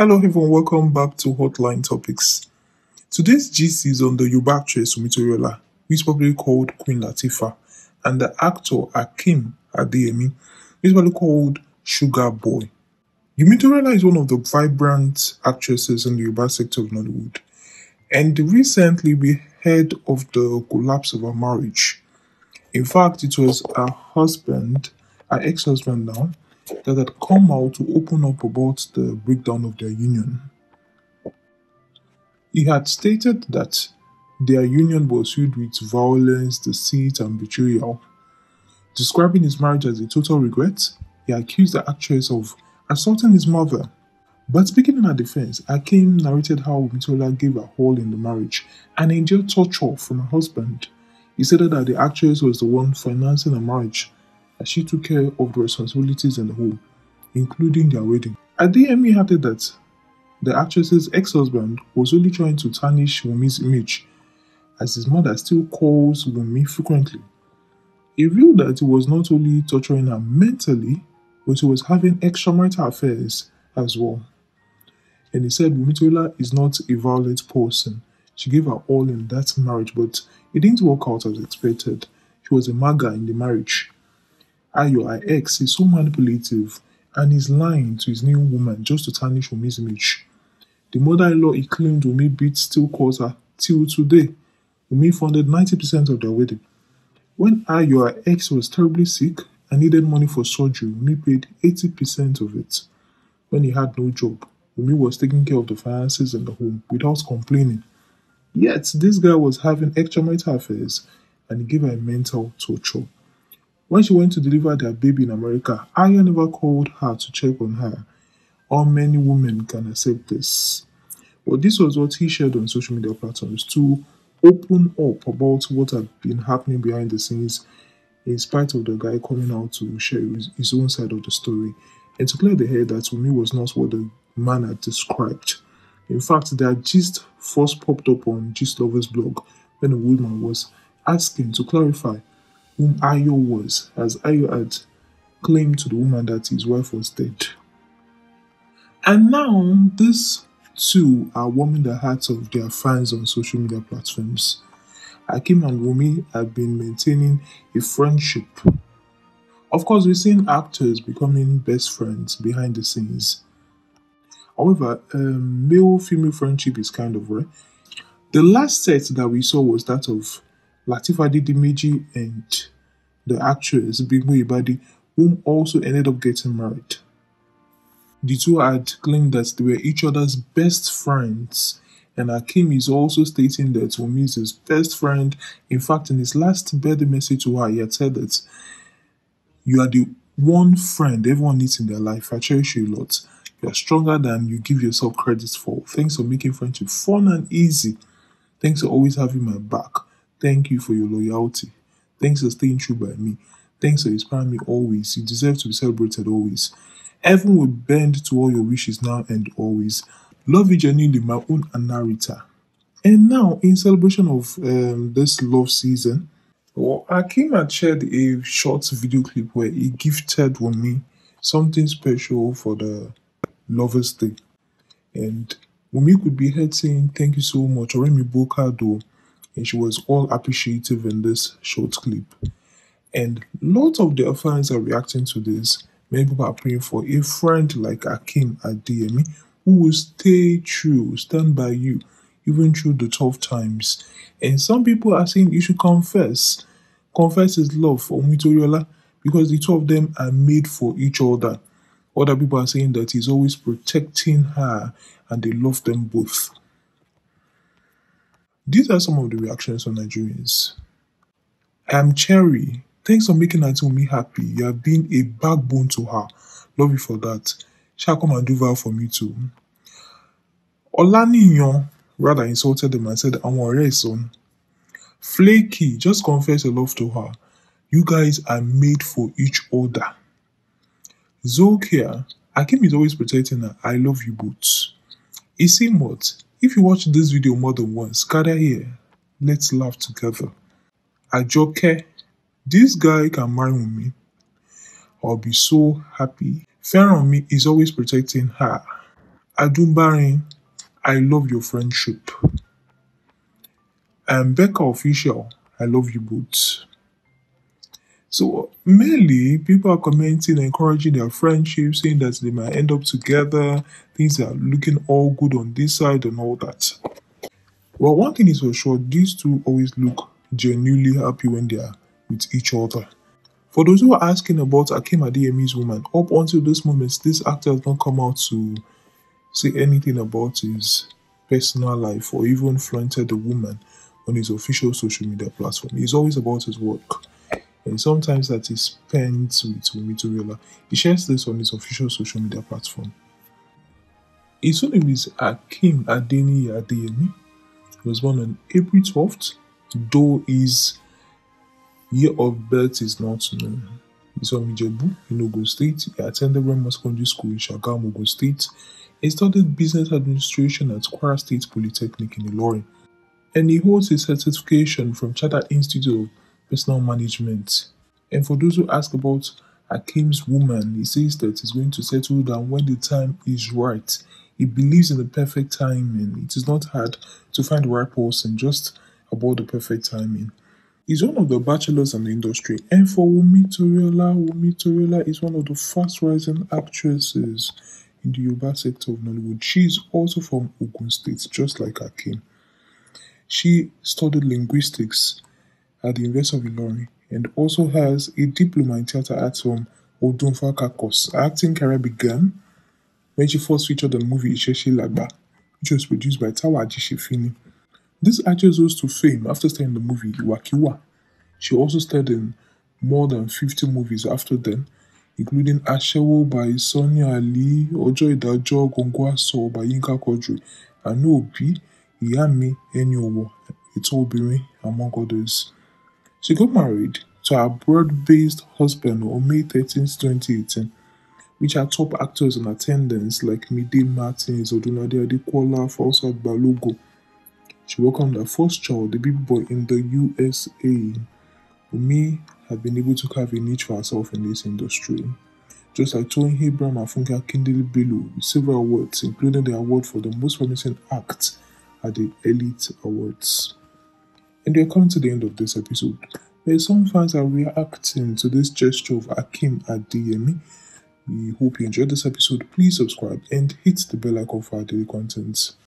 Hello everyone, welcome back to Hotline Topics. Today's gist is on the Yoruba actress Omitoriola, who is probably called Queen Latifah, and the actor Akim Adeyemi, who is probably called Sugar Boy. Omitoriola is one of the vibrant actresses in the Yoruba sector of Nollywood, and recently we heard of the collapse of her marriage. In fact, it was her husband, her ex-husband now, that had come out to open up about the breakdown of their union. He had stated that their union was filled with violence, deceit, and betrayal. Describing his marriage as a total regret, he accused the actress of assaulting his mother. But speaking in her defense, Akim narrated how Mitola gave a hole in the marriage and endured torture from her husband. He said that the actress was the one financing the marriage she took care of the responsibilities in the home, including their wedding. Adeyemi added that the actress's ex husband was only trying to tarnish Wumi's image, as his mother still calls Wumi frequently. He revealed that he was not only torturing her mentally, but he was having extramarital affairs as well. And he said Wumiola is not a violent person. She gave her all in that marriage, but it didn't work out as expected. She was a maga in the marriage ayo is so manipulative and is lying to his new woman just to tarnish Wunmi's image. The mother-in-law he claimed Wunmi beat still calls her till today. Wunmi funded 90% of their wedding. When ayo was terribly sick and needed money for surgery, Wunmi paid 80% of it. When he had no job, Wunmi was taking care of the finances in the home without complaining. Yet, this guy was having extramarital affairs and he gave her mental torture. When she went to deliver their baby in America, Aya never called her to check on her. How many women can accept this? Well, this was what he shared on social media platforms to open up about what had been happening behind the scenes, in spite of the guy coming out to share his, his own side of the story and to clear the head that to me was not what the man had described. In fact, that gist first popped up on Gist Lover's blog when a woman was asking to clarify whom Ayọ was, as Ayọ had claimed to the woman that his wife was dead. And now, these two are warming the hearts of their fans on social media platforms. Akim and Wumi have been maintaining a friendship. Of course, we've seen actors becoming best friends behind the scenes. However, um, male female friendship is kind of rare. The last set that we saw was that of Latif Adedimeji and the actress Bimu Ibadi, whom also ended up getting married. The two had claimed that they were each other's best friends, and Akim is also stating that Wumi is his best friend. In fact, in his last birthday message to her, he had said that you are the one friend everyone needs in their life. I cherish you a lot. You are stronger than you give yourself credit for. Thanks for making friendship fun and easy. Thanks for always having my back. Thank you for your loyalty. Thanks for staying true by me. Thanks for inspiring me always. You deserve to be celebrated always. Heaven will bend to all your wishes now and always. Love you genuinely, my own Anarita. And now, in celebration of um, this love season, well, Akim had shared a short video clip where he gifted Wumi something special for the Lovers Day. And Wumi could be heard saying, Thank you so much, Oremi Bokado and she was all appreciative in this short clip. And lots of their fans are reacting to this. Many people are praying for a friend like Akim at DME who will stay true, stand by you, even through the tough times. And some people are saying you should confess. Confess his love for Mitoriola because the two of them are made for each other. Other people are saying that he's always protecting her and they love them both. These are some of the reactions from Nigerians. I'm Cherry. Thanks for making Auntie happy. You have been a backbone to her. Love you for that. Shall come and do well for me too. Olaniyon rather insulted them and said, I'm already son. Flaky, just confess your love to her. You guys are made for each other. Zokia, Akim is always protecting her. I love you Boots. You see what? If you watch this video more than once, gather here. Let's laugh together. Ajoke, this guy can marry me. I'll be so happy. Fẹ́rànmi is always protecting her. Adumbarin, I love your friendship. And Becca Official, I love you both. So mainly, people are commenting, encouraging their friendship, saying that they might end up together. Things are looking all good on this side and all that. Well, one thing is for sure, these two always look genuinely happy when they are with each other. For those who are asking about Akim Adeyemi's woman, up until this moment, this actor has not come out to say anything about his personal life or even flaunted the woman on his official social media platform. He's always about his work and sometimes that is spent with Wumi Toriola. He shares this on his official social media platform. His full name is Akim Adeni Adeyemi. He was born on April 12th, though his year of birth is not known. He's from Ijebu in Ogun State. He attended Remo Secondary School in Shagam, Ogun State. He studied business administration at Kwara State Polytechnic in Ilorin. And he holds a certification from Chartered Institute of personal management. And for those who ask about Akim's woman, he says that he's going to settle down when the time is right. He believes in the perfect timing. It is not hard to find the right person, just about the perfect timing. He's one of the bachelors in the industry, and for Wumi Toriola, Wumi Toriola is one of the fast rising actresses in the Yoruba sector of Nollywood. She's also from Ogun State, just like Akim. She studied linguistics at the University of Ilorin and also has a diploma in theatre arts from Odunfa Kakos. Her acting career began when she first featured the movie Isheshi Lagba, which was produced by Tawa Ajishifini. This actress rose to fame after starring in the movie Iwakiwa. She also starred in more than 50 movies after then, including Ashewo by Sonia Ali, Ojo Idajo, Gongwaso by Yinka Kodri, Anu Obi, Iyami, Eniowo, It's Obirin, among others. She got married to her broad based husband on May 13, 2018, which had top actors in attendance like Mide Martins, Odunade Adekola, Fausa Balogo. She welcomed her first child, the baby boy, in the USA. Umi had been able to carve a niche for herself in this industry. Just like Tony Abraham and Funke Akindele with several awards, including the award for the most promising act at the Elite Awards. And we are coming to the end of this episode. There some fans are reacting to this gesture of Akim at DME. We hope you enjoyed this episode. Please subscribe and hit the bell icon for our daily contents.